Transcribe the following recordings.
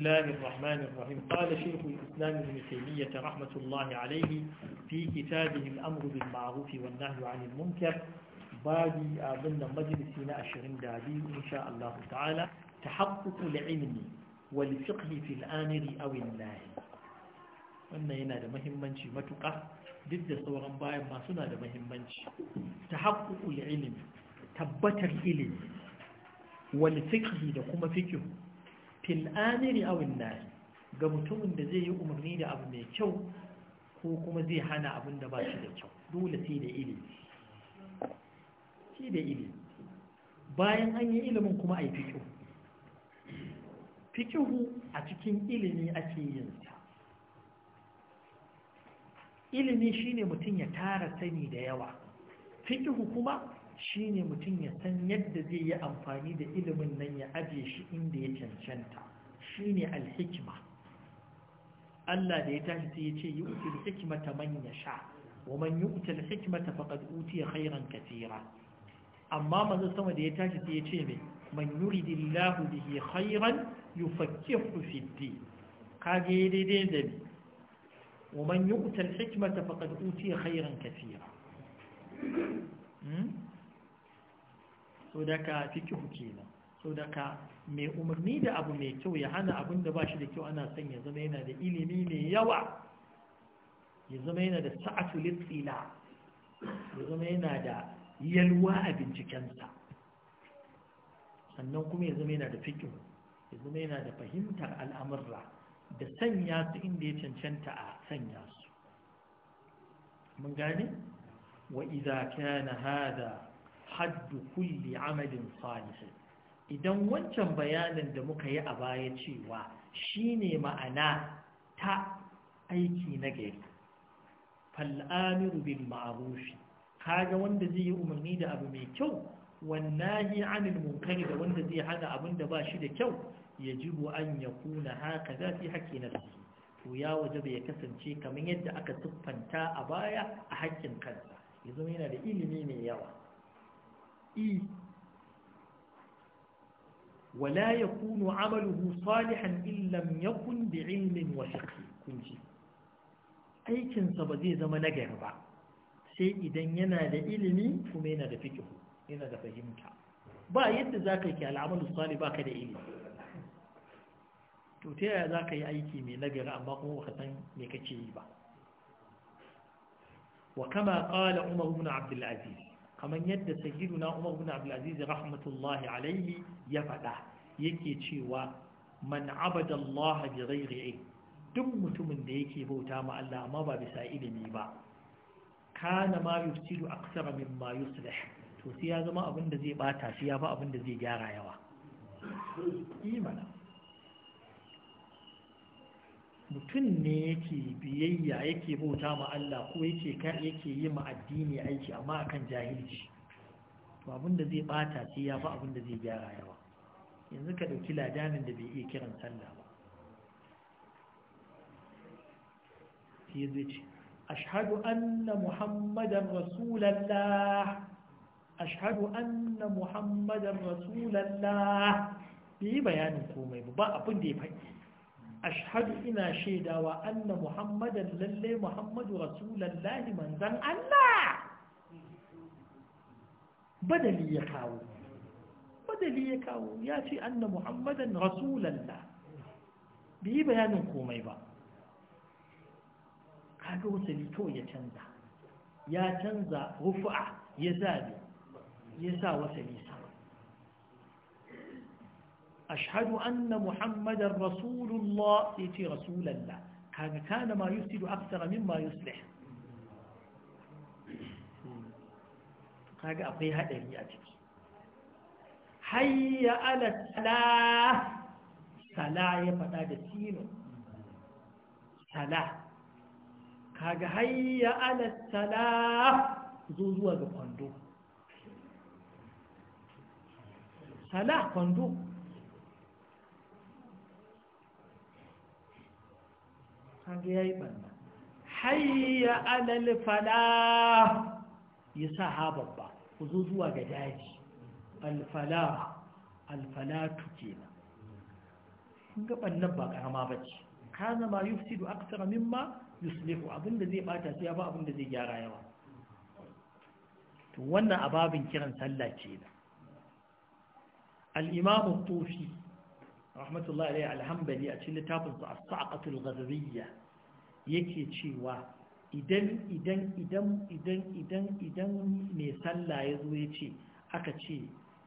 الله الرحمن الرحيم قال شيخ الإسلام ابن تيمية رحمة الله عليه في كتابه الأمر بالمعروف والنهي عن المنكر بادي ضمن مجلس عشرين دادي إن شاء الله تعالى تحقق العلم والفقه في الآمر أو الناهي wannan هنا ده mahimmanci matuƙa duk da sauran bayan ma suna da mahimmanci ta haƙƙuƙul العلم tabbatar ilimi wal fiqhi fil amiri awin nahi ga mutumin da zai yi umarni da abu mai kyau ko kuma zai hana abin da ba shi da kyau dole sai da ilimi sai da ilimi bayan an yi ilimin kuma a yi fikihu fikihu a cikin ilimi ake yin sa ilimi shine mutum ya tara sani da yawa fikihu kuma ne mutum ya san yadda zai yi amfani da ilimin nan ya aje shi inda ya cancanta Shi ne alhikima Allah da ya tashi sai ya ce yi utul hikima ta manya sha wa man yi utul hikimata uti ya khairan katira amma manzo sama da ya tashi sai ya ce mai man da bihi khairan yufakkihu fi din kage daidai da bi wa man hikima ta hikmata uti ya khairan katira hmm? sadaka daga kenan sadaka mai umarni da abu mai kyau ya hana abin da ba shi da kyau ana son ya zama yana da ilimi mai yawa ya zama yana da sa'atu litsila ya zama yana da yalwa a bincikensa sannan kuma ya zama yana da fikihu ya zama yana da fahimtar al'amurra da sanya su inda ya cancanta a sanya su mun gane wa idza kana hada haddu kulli amalin salihi idan wancan bayanin da muka yi a baya cewa shine ma'ana ta aiki na gari fal'amiru bil ma'arufi kaga wanda zai yi umarni da abu mai kyau wannahi anil munkari da wanda zai hana abin da ba shi da kyau yajibu an yakuna haka za fi haƙƙi na to ya waje bai kasance kamar yadda aka siffanta a baya a haƙƙin kansa ya yana da ilimi mai yawa i wala yakunu amaluhu salihan illam yakun bi ilmin wa fiqh kunji aikinsa ba zai zama nagari ba sai idan yana da ilimi kuma yana da fiqh yana da fahimta ba yadda za ka yi al'amalu sali ba ka da ilimi to ta yaya za ka yi aiki mai nagari amma kuma ba ka san me kake yi ba wa kama qala umar ibn abdul aziz kamar yadda na Umar ibn abdulaziz rahmatullahi alaihi ya faɗa yake cewa man abada Allah bi ghairi duk mutumin da yake bauta ma Allah amma ba bisa ilimi ba kana ma yufsidu aksara mimma yuslih to sai ya zama abin da zai bata shi ya ba abin da zai gyara yawa imana mutum ne yake biyayya yake bauta ma Allah ko yake yake yi ma addini aiki amma akan jahilci to abin da zai bata sai ya fi abin da zai gyara yawa yanzu ka dauki ladanin da bai iya kiran sallah ba sai zai ce ashhadu anna muhammadan rasulallah. ashhadu anna muhammadan rasulullah bai bayanin komai ba abin da ya faɗi ashhadu ina shaidawa anna muhammadan lalle muhammadu rasulullahi manzan Allah badali ya kawo badali ya kawo ya ce anna muhammadan rasulallah bai yi bayanin komai ba kaga wasali kawai ya canza ya canza rufu'a ya zabe ya sa wasali أشهد أن محمد رسول الله إتي رسول الله كان كان ما يفسد أكثر مما يصلح كان أقيها إلي أجل حي على السلاة سلاة يفتا جسين سلاة كان حي على السلاة زوزوا بقندو سلاة قندو kaga yayi banna hayya alal falah yasa ha babba ku zo zuwa ga daji al ba al falatu kenan kun ga bannan ba karama ma yufsidu aktsara mimma yuslihu abinda zai bata sai ya ba abinda zai gyara yawa to wannan ababin kiran sallah ce da al-imam rahmatullahi alayhi al a cikin littafin su a saaqatul ghazawiyya yake cewa idan idan idan idan idan idan mai sallah ya zo ya ce aka ce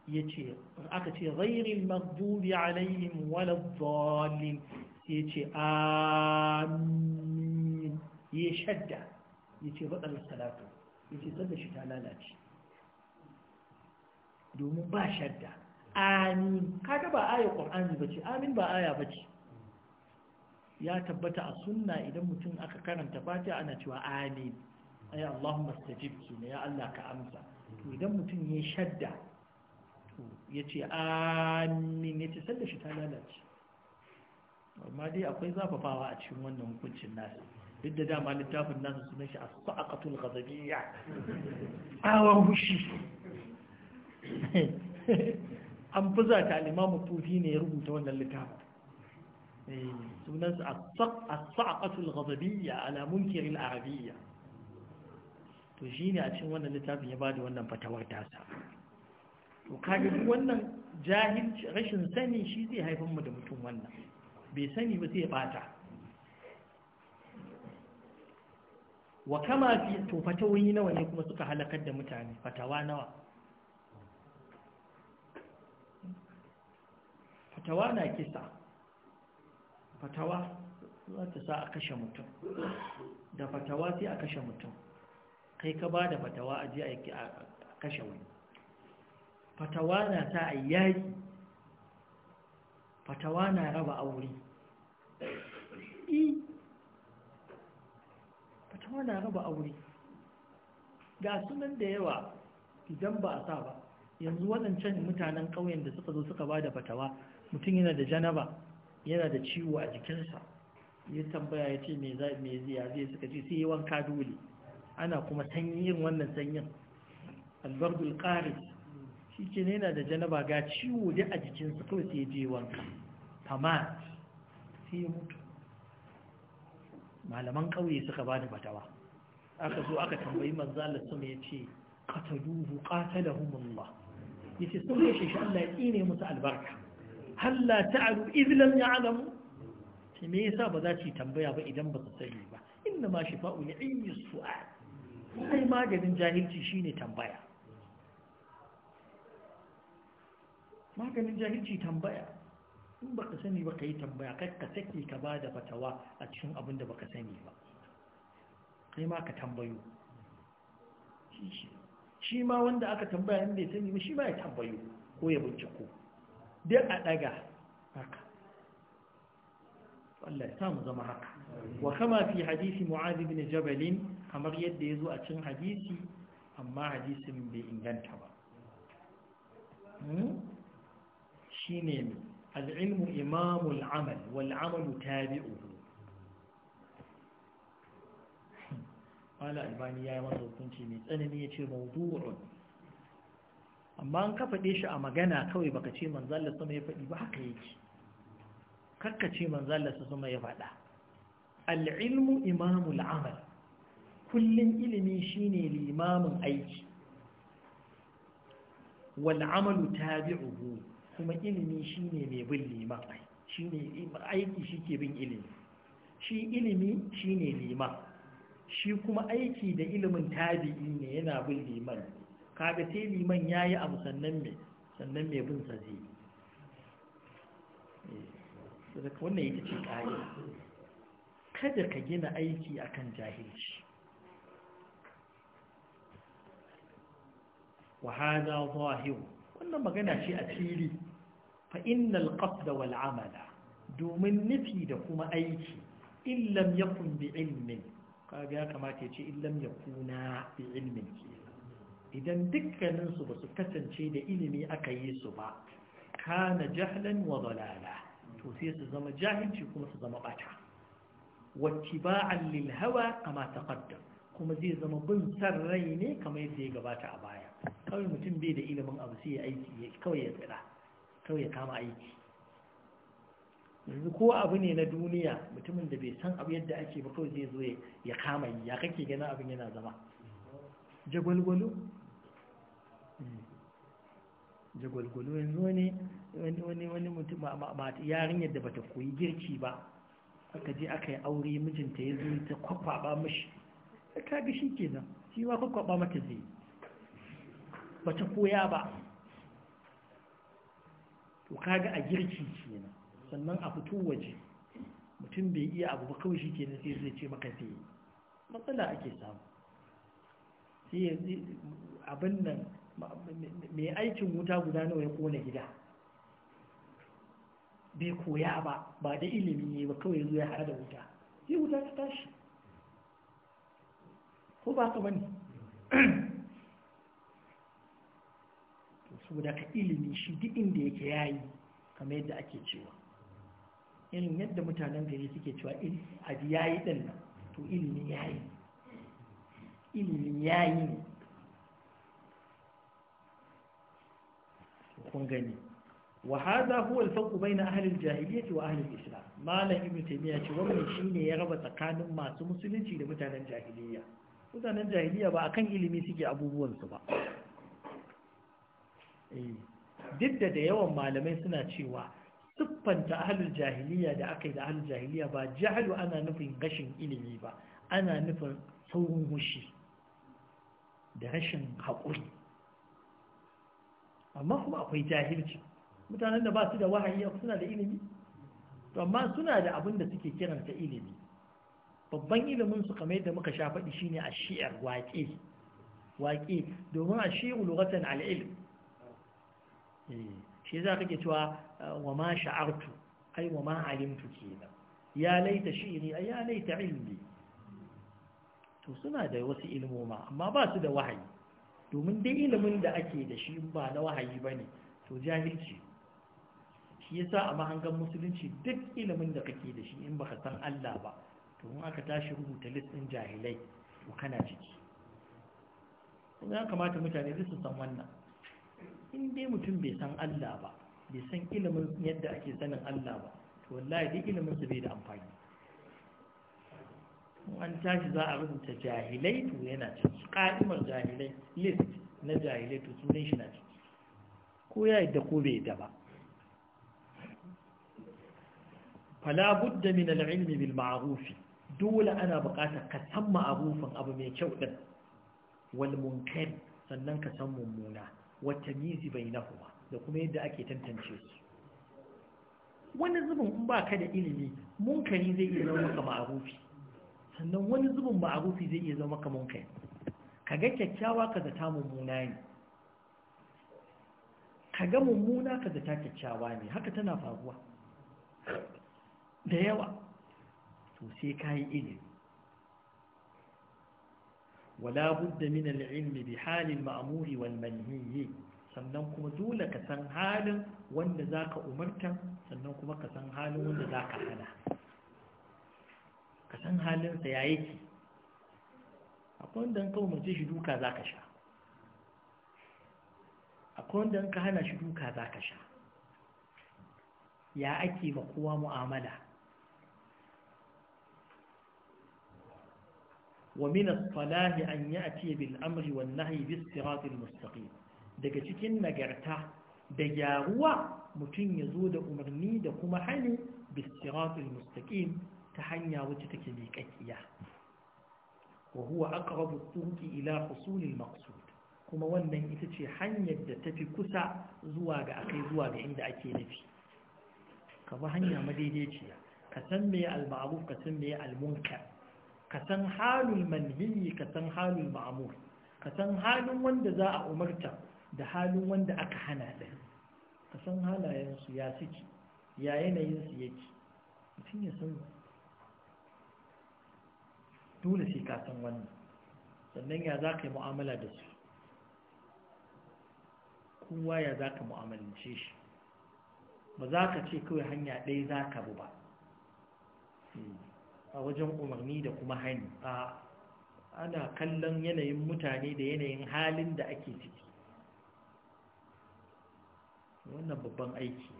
ya ce aka ce ghairil maghdubi alaihim wala dhalin ya ce amin ya shadda ya ce baɗar salatu ya ce sallar shi ta lalace domin ba shadda amin kaga ba aya ƙwar'ani ba ce amin ba aya ba ce ya tabbata a sunna idan mutum aka karanta fati ana cewa amin ayi Allahumma stajib ne ya Allah ka amsa to idan mutum ya shadda to yace amin yace sallar shi ta lalace amma dai akwai zafafawa a cikin wannan hukuncin nasu duk da dama littafin nasu sunan shi a saaqatul ghadabiyya awan hushi an fuza ta Limamu tufi ne ya rubuta wannan littafin sunansa as-sa'aqatul ghadabiyya ala munkir al-arabiyya to shi ne a cin wannan littafin ya bada wannan fatawar tasa to kaga duk wannan jahilci rashin sani shi zai haifar mu da mutum wannan bai sani ba sai bata wa kama fi to fatawoyi nawa ne kuma suka halakar da mutane fatawa nawa fatawa na kisa fatawa za ta sa a kashe mutum da fatawa sai a kashe mutum kai ka ba da fatawa a je a kashe wani fatawa na sa a yayi fatawa na raba aure fatawa na raba aure ga sunan da yawa idan ba a sa ba yanzu waɗancan mutanen ƙauyen da suka zo suka ba da fatawa mutum yana da janaba yana da ciwo a jikinsa ya tambaya ya ce me ya zai suka ce sai yi wanka dole ana kuma sanyin wannan sanyin albardul ƙaris shi ce yana da janaba ga ciwo da a jikinsa kawai sai je wanka fama sai ya mutu malaman ƙauye suka ba da batawa aka zo aka tambayi manzalar sama ya ce ƙataduhu ƙatalahumullah ya ce sun yashe shi Allah ya tsine musu albarka halla ta'alu izlam ya alamu ta me yasa ba za ci tambaya ba idan ba su sani ba inna ma shifa'u li'ayyi su'al Ai maganin jahilci shi ne tambaya maganin jahilci tambaya in ba ka sani ba ka yi tambaya kai ka sake ka ba da fatawa a cikin abin da ka sani ba kai ma ka tambayo shi ma wanda aka tambaya in ya sani ba shi ma ya tambayo ko ya binciko duk a ɗaga haka Allah ya samu zama haka wa kama fi hadisi mu'ad ibn jabal kamar yadda yazo a cikin hadisi amma hadisin bai inganta ba shine al-ilmu imamu al-amal wal amalu tabi'uhu قال الباني يا مرض كنتي من أنني يتي موضوع amma an ka faɗe shi a magana kawai baka ce manzalla sama ya faɗi ba haka yake kakka ce manzalla sama ya faɗa al'ilmu imamul kullum ilimi ne limamin aiki ta amalu tabi'uhu kuma ilimi ne mai bin liman shine aiki ke bin ilimi shi ilimi shine liman shi kuma aiki da ilimin tabi'i ne yana bin liman kaga sai liman ya yi abu sannan mai sannan mai bin sa zai eh, wannan ita ce ƙari kada ka gina aiki akan jahilci وهذا ظاهر wannan magana ce a fili fa innal qasda wal amala domin nufi da kuma aiki illam yakun bi ilmin kaga ya kamata ya ce illam yakuna bi ilmin kenan idan dukkaninsu ba su kasance da ilimi aka yi su ba kana jahlan wa dalala to sai su zama jahilci kuma su zama bata wattiba'an lil hawa kama taqaddam kuma zai zama bin san rai ne kamar yadda ya gabata a baya kawai mutum bai da ilimin abu sai ya aiki kawai ya tsira kawai ya kama aiki yanzu ko abu ne na duniya mutumin da bai san abu yadda ake ba kawai zai zo ya kama yi ya kake ganin abin yana zama jagwalgwalo jagwalgwalo yanzu wani wani wani mutum yarinyar da bata koyi girki ba aka je aka yi aure mijinta ya zuri ta kwakwaba mishi ka ga shi nan shi ma kwakwaba mata zai bata koya ba to kaga a girki nan sannan a fito waje mutum bai iya abu ba kawai shi nan sai zai ce maka sai matsala ake samu sai abin nan mai aikin wuta guda nawa ya kona gida bai koya ba ba da ilimi ne ba kawai zuwa hada da wuta sai wuta ta tashi ko ba ka bane saboda ka ilimi shi duk inda yake yayi kamar yadda ake cewa irin yadda mutanen gari suke cewa abu yayi din nan to ilimi yayi ilimin yayi ne kun gani wa hada huwa al-farq bayna ahli al-jahiliyyah wa ahli al-islam malam ibn taymiya ce wannan shine ya raba tsakanin masu musulunci da mutanen jahiliya mutanen jahiliya ba akan ilimi suke abubuwan su ba eh duk da yawan malamai suna cewa siffanta ahalin jahiliya da aka yi da ahlul jahiliya ba jahlu ana nufin rashin ilimi ba ana nufin saurin mushi da rashin haƙuri amma kuma akwai jahilci mutanen da ba su da wahayi suna da ilimi to amma suna da abin da suke kiran ta ilimi babban ilimin su kamar yadda muka sha faɗi shine a shi'ar waƙe waƙe domin a shi'u lugatan al'ilm eh, shi za ka ke cewa ah, wa ma sha'artu ai wa ma alimtu kenan ya laita shi'iri ai ya laita ilimi to suna da wasu ilmoma amma ba su da wahayi domin dai ilimin da ake da shi ba na wahayi ba ne to jahilci shi yasa a mahangan musulunci duk ilimin da kake da shi in baka san Allah ba to in aka tashi rubuta listin jahilai to kana ciki kuma ya kamata mutane duk su san wannan in dai mutum bai san Allah ba bai san ilimin yadda ake sanin Allah ba to wallahi dai ilimin su bai da amfani an tashi za a rubuta jahilai to yana ciki ƙa'imar jahilai list na jahilai to sunan shi na ciki ko ya yadda ko bai da ba fala budda min al'ilmi bil ma'rufi dole ana buƙatar ka san ma'rufin abu mai kyau din wal munkar sannan ka san mummuna wa tamizi bainahuma da kuma yadda ake tantance su wani zubin in ba ka da ilimi munkari zai iya zama maka sannan wani zubin ma'arufi zai iya zama kamun kai ka ga kyakkyawa ka zata mummuna ne ka ga mummuna ka zata kyakkyawa ne haka tana faruwa da yawa to sai ka yi ilimi wala budda min al-ilmi bi halin ma'muri wal manhiyi sannan kuma dole ka san halin wanda zaka umarta sannan kuma ka san halin wanda zaka hana ka san halinsa ya yake akwai wanda ka umarce shi duka za ka sha akwai wanda ka hana shi duka za ka sha ya ake ma kowa mu'amala Wa as-falahi, an ومن الصلاح أن amri بالأمر والنهي بالصراط المستقيم daga cikin nagarta da gyaruwa mutum ya zo da umarni da kuma hali bisiratul mustaqim ta hanya wacce take miƙaƙiya wa huwa aqrabu turuqi ila husulil maqsud kuma wannan ita ce hanyar da tafi kusa zuwa ga akai zuwa ga inda ake nufi ka bi hanya madaidaiciya ka san me al-ma'ruf ka san me al-munkar ka san halul manhi ka san halul ma'mur ka san halin wanda za a umarta da halin wanda aka hana da ka san halayen su ya suke ya yanayin yanayinsu yake mutum ya san dole sai ka san wannan sannan ya za ka yi mu'amala da su kowa ya za ka mu'amalance shi ba za ka ce kawai hanya ɗaya za ka bu ba hmm. a wajen umarni da kuma hani a ana kallon yanayin mutane da yanayin halin da ake ciki wannan babban aiki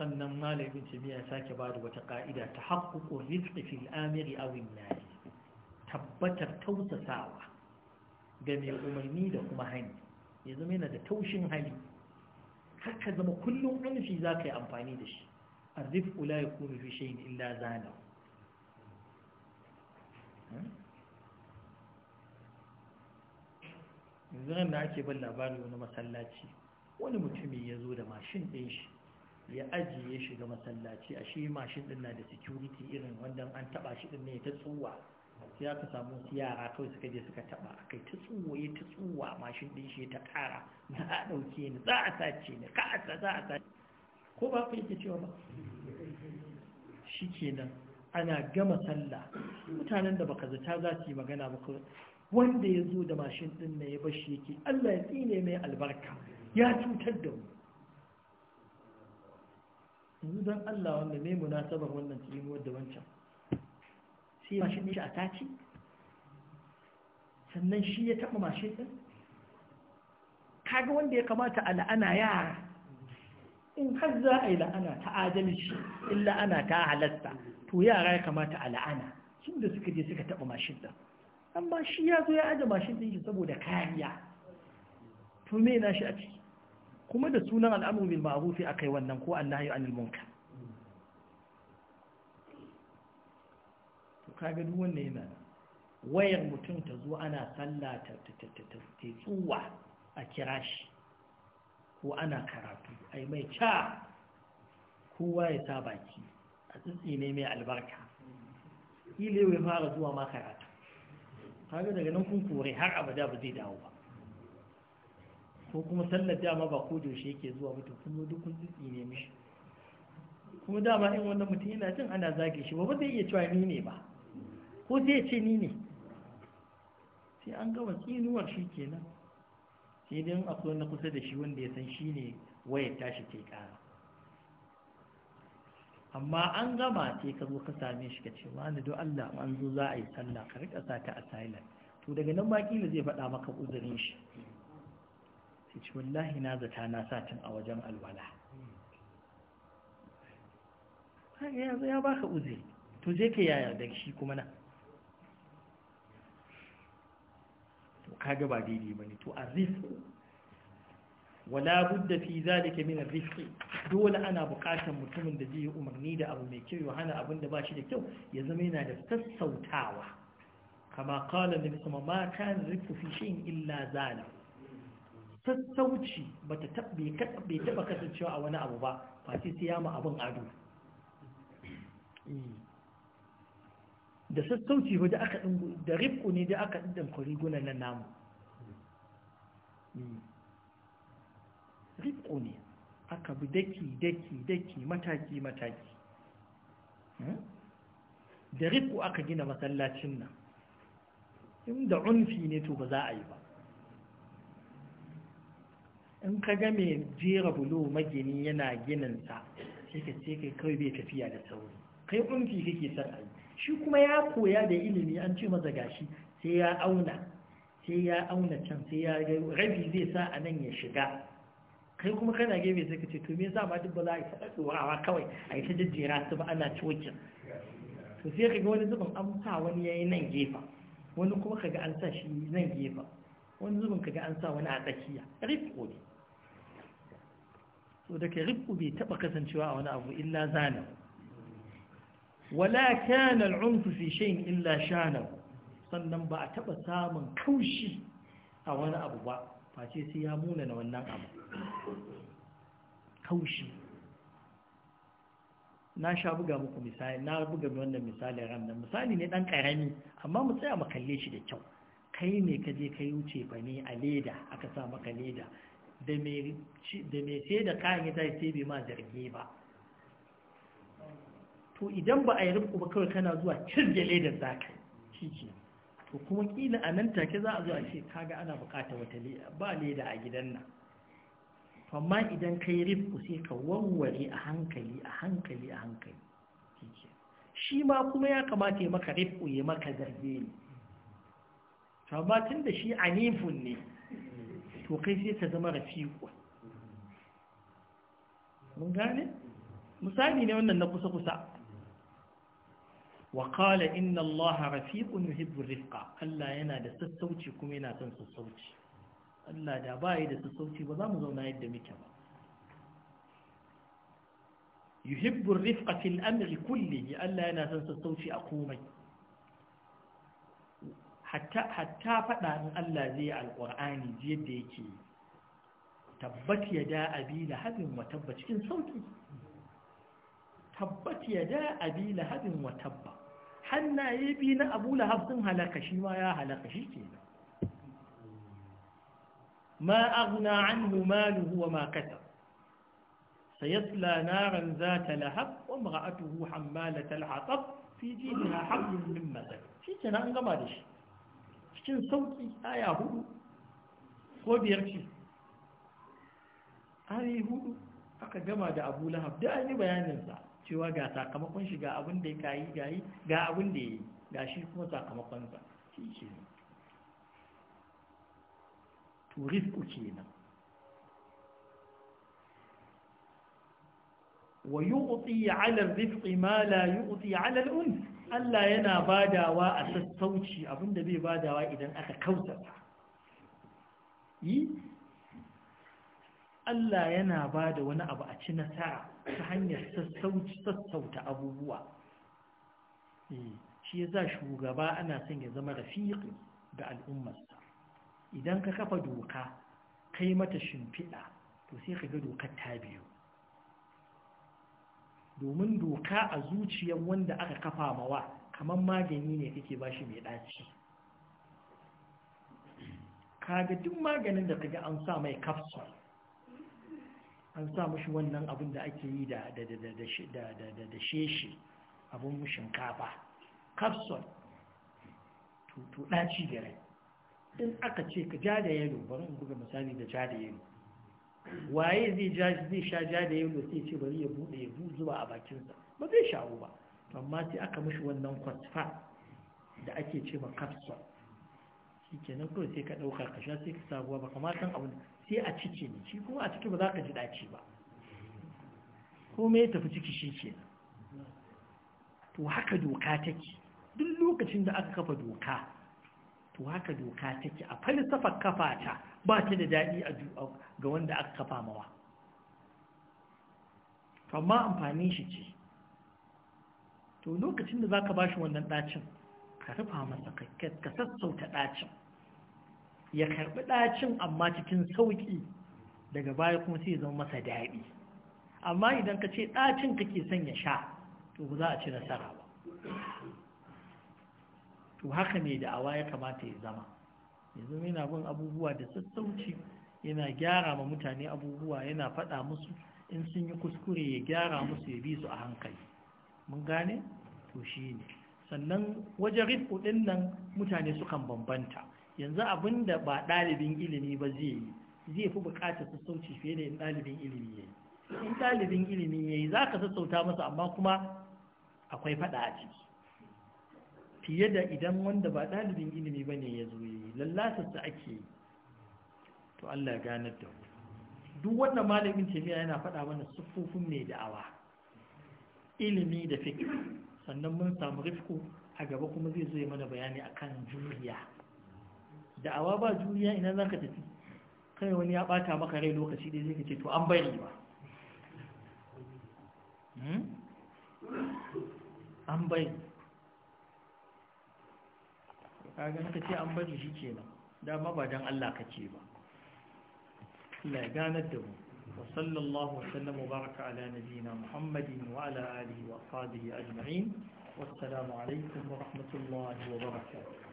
sannan malamin ya sake ba da wata ƙa'ida ta haƙƙuƙo rizki fil amiri awin nari tabbatar tausasawa ga mai umarni da kuma hani ya zama yana da taushin hali Kar ka zama kullum ƙarfi za ka yi amfani da shi a rifku la ya kuma fi shayin illa zana yanzu da ake ban labari wani masallaci wani mutumin ya zo da mashin ɗin shi ya ajiye shi ga masallaci a shi mashin din na da security irin wanda an taba shi din ne ta tsuwa sai aka samu yara kawai suka je suka taba kai ta tsuwa ya ta tsuwa mashin din shi ta kara za a dauke ni za a sace ni ka za a sace ko ba ku yake cewa ba shikenan ana gama sallah mutanen da baka zata za su yi magana ba wanda ya zo da mashin din ne ya bashi yake Allah ya tsine mai albarka ya cutar da mu yanzu don Allah wanda mai munasabar wannan tsimuwar da wancan sai mashin ɗin a taci sannan shi ya taɓa mashin ɗin kaga wanda ya kamata a la'ana yara in har za a yi la'ana ta adalci in la'ana ta halatta to yara ya kamata a la'ana sun da suka je suka taɓa mashin ɗin amma shi ya zo ya aje mashin ɗin shi saboda kariya to me na shi a ciki kuma da sunan al'amru bil ma'ruf akai wannan ko annahi anil munkar to ga duk wannan yana wayar mutum ta zo ana sallah ta tsuwa a kira shi ko ana karatu ai mai ca kowa ya sa baki a tsitsi ne mai albarka yau ya fara zuwa ma karatu ga daga nan kun kore har abada ba zai dawo ba ko kuma sallar dama ba ko yaushe yake zuwa mutum kuma duk kun tsitsi ne mishi kuma dama in wannan mutum yana jin ana zage shi ba ba zai iya cewa ni ne ba ko zai ya ce ni ne sai an gama tsinuwar shi kenan sai dai akwai na kusa da shi wanda ya san shi ne wayar tashi ke kara amma an gama ce ka zo ka same shi ka ce wani don Allah an zo za a yi sallah ka rika sa ta a silent to daga nan baki ne zai faɗa maka uzurin shi sai wallahi na zata na satin a wajen alwala yanzu ya baka uzuri to je ka yaya da shi kuma na to kaga ba daidai bane to arif wala budda fi zalika min arif dole ana bukatar mutumin da zai yi umarni da abu mai kyau ya hana abin da ba shi da kyau ya zama yana da sassautawa kama kala nabi sama ma kan rifu fi shay'in illa zalahu sassauci bata bai taba kasancewa a wani abu ba face sai ya ma abin ado hmm. da sassauci ba da aka da rifku ne da aka ɗin guna nan namu hmm. rifku ne aka bi daki daki daki mataki mataki hmm. da rifku aka gina masallacin nan inda unfi ne to ba za a yi ba in ka ga mai jera bulo magini yana gininsa sai ka ce kai kawai bai tafiya da sauri kai kunfi kake son ayi shi kuma ya koya da ilimi an ce maza gashi sai ya auna sai ya auna can sai ya rabi zai sa a nan ya shiga kai kuma kana gefe sai ka ce to me yasa ma duk ba za a yi ta tsorawa kawai a yi ta jejjera su ba ana cokin to sai ka ga wani zubin an sa wani yi nan gefa wani kuma ka ga an sa shi nan gefa wani zubin ga an sa wani a tsakiya rifi ne so da ke ribu bai taɓa kasancewa a wani abu illa zana wala kana al'umfu fi shayin illa shanan. sannan ba a taɓa samun kaushi a wani abu ba face sai ya muna na wannan abu kaushi na sha buga muku misali na buga wannan misali ranar misali ne ɗan ƙarami amma mu tsaya mu kalle shi da kyau kai ne ka je ka yi wuce ba ne a leda aka sa maka leda da mai sai da kayan ya zai sai bai ma zargi ba to idan ba a yi rufu ba kawai kana zuwa cirgele da zaka shi ce to kuma kila a nan take za a zuwa a ce kaga ana bukata wata ba leda a gidan nan amma idan ka yi rufu sai ka warware a hankali a hankali a hankali shi ma kuma ya kamata ya maka rufu ya maka zarge ne amma tun da shi anifun ne to kai sai ka zama rafiku mun gane misali ne wannan na kusa-kusa wa qala inna allaha rafiqun yuhibbu rifqa Allah yana da sassauci kuma yana son sassauci Allah da bai da sassauci ba za mu zauna yadda muke ba yuhibbu rifqa fil amri kullihi Allah yana son sassauci a komai hatta faɗa in Allah zai yi alƙur'ani ji yadda yake tabbat ya da abi lahabin wa tabba cikin sauki tabbat ya da abi lahabin wa tabba hannaye bi na abu lahab sun halaka shi ma ya halaka shi kenan ما أغنى عنه ماله وما كسب سيصلى نارا ذات لهب وامرأته حمالة الحطب في جيدها حبل من مسك في سنة أنقما دشي cikin sauƙi aya hudu ko biyar ce ayi hudu aka gama da abu lahab da an yi bayaninsa cewa ga sakamakon shi ga abin da ya kayi gayi ga abin da ya yi ga shi kuma sakamakonsa shi ke nan turist ke nan wa yi utsi ala rifki ma la yi utsi ala al'unfi Allah yana badawa a sassauci abinda bai badawa idan aka kautata yi Allah yana bada wani abu a ci nasara ta hanyar sassauci sassauta abubuwa e, shi ya za shugaba ana son ya zama rafiƙi ga al'ummarsa idan ka kafa doka kai mata shimfiɗa to sai ka ga dokar ta biyu domin doka a zuciyar wanda aka kafa mawa kamar magani ne kake ba shi mai ɗaci kaga duk maganin da kaga an sa mai kafsa an sa mashi wannan abin da ake yi da sheshi abin shinkafa kafson to ɗaci da rai in aka ce ka ja da yalo bari in buga misali da ja da yalo waye zai zai sha ja da yau sai ce bari ya bude ya zuwa a bakinsa ba zai shawo ba amma sai aka mishi wannan kwatfa da ake ce ma kapsul shi kenan kawai sai ka ɗauka ka sha sai ka sabuwa ba kamar san abu sai a cike ne shi kuma a ciki ba za ka ji daci ba komai me tafi ciki shi kenan to haka doka take duk lokacin da aka kafa doka to haka doka take a falsafar kafa ta ba ta da daɗi a ga wanda aka kafa mawa amma amfani shi ce to lokacin da za ka ba shi wannan ɗacin ka rufa masa ka sassauta ɗacin ya karɓi ɗacin amma cikin sauƙi daga baya kuma sai zama masa daɗi amma idan ka ce ɗacin kake son ya sha to za a ci nasara ba to haka ne da awa ya kamata ya zama yanzu yana bin abubuwa da sassauci yana gyara ma mutane abubuwa yana faɗa musu in sun yi kuskure ya gyara musu ya bi su a hankali mun gane to shi ne sannan wajen rifku ɗin nan mutane sukan bambanta yanzu abin da ba ɗalibin ilimi ba zai yi zai fi buƙatar sassauci fiye da in ɗalibin ilimi ya yi in ɗalibin ilimi ya yi za ka sassauta masa amma kuma akwai faɗa a ciki fiye da idan wanda ba ɗalibin ilimi ba ne kullasarsa ake yi to Allah ganar da mu duk wanda malamin jami'a yana faɗa mana siffofin mai da'awa ilimi da fiqh sannan mun samu rifku a gaba kuma zai zo mana bayani akan juriya da'awa ba juriya ina zaka tafi kai wani ya bata maka rai lokaci dai zai ce to an bari ba hmm? an bari kaga suka ce an bari shi ke dama ba don Allah ka ce ba Allah ya ganar da mu wa sallallahu wa sallam wa ala nabiyina muhammadin wa ala alihi wa sadihi ajma'in wa assalamu alaikum wa rahmatullahi wa barakatuh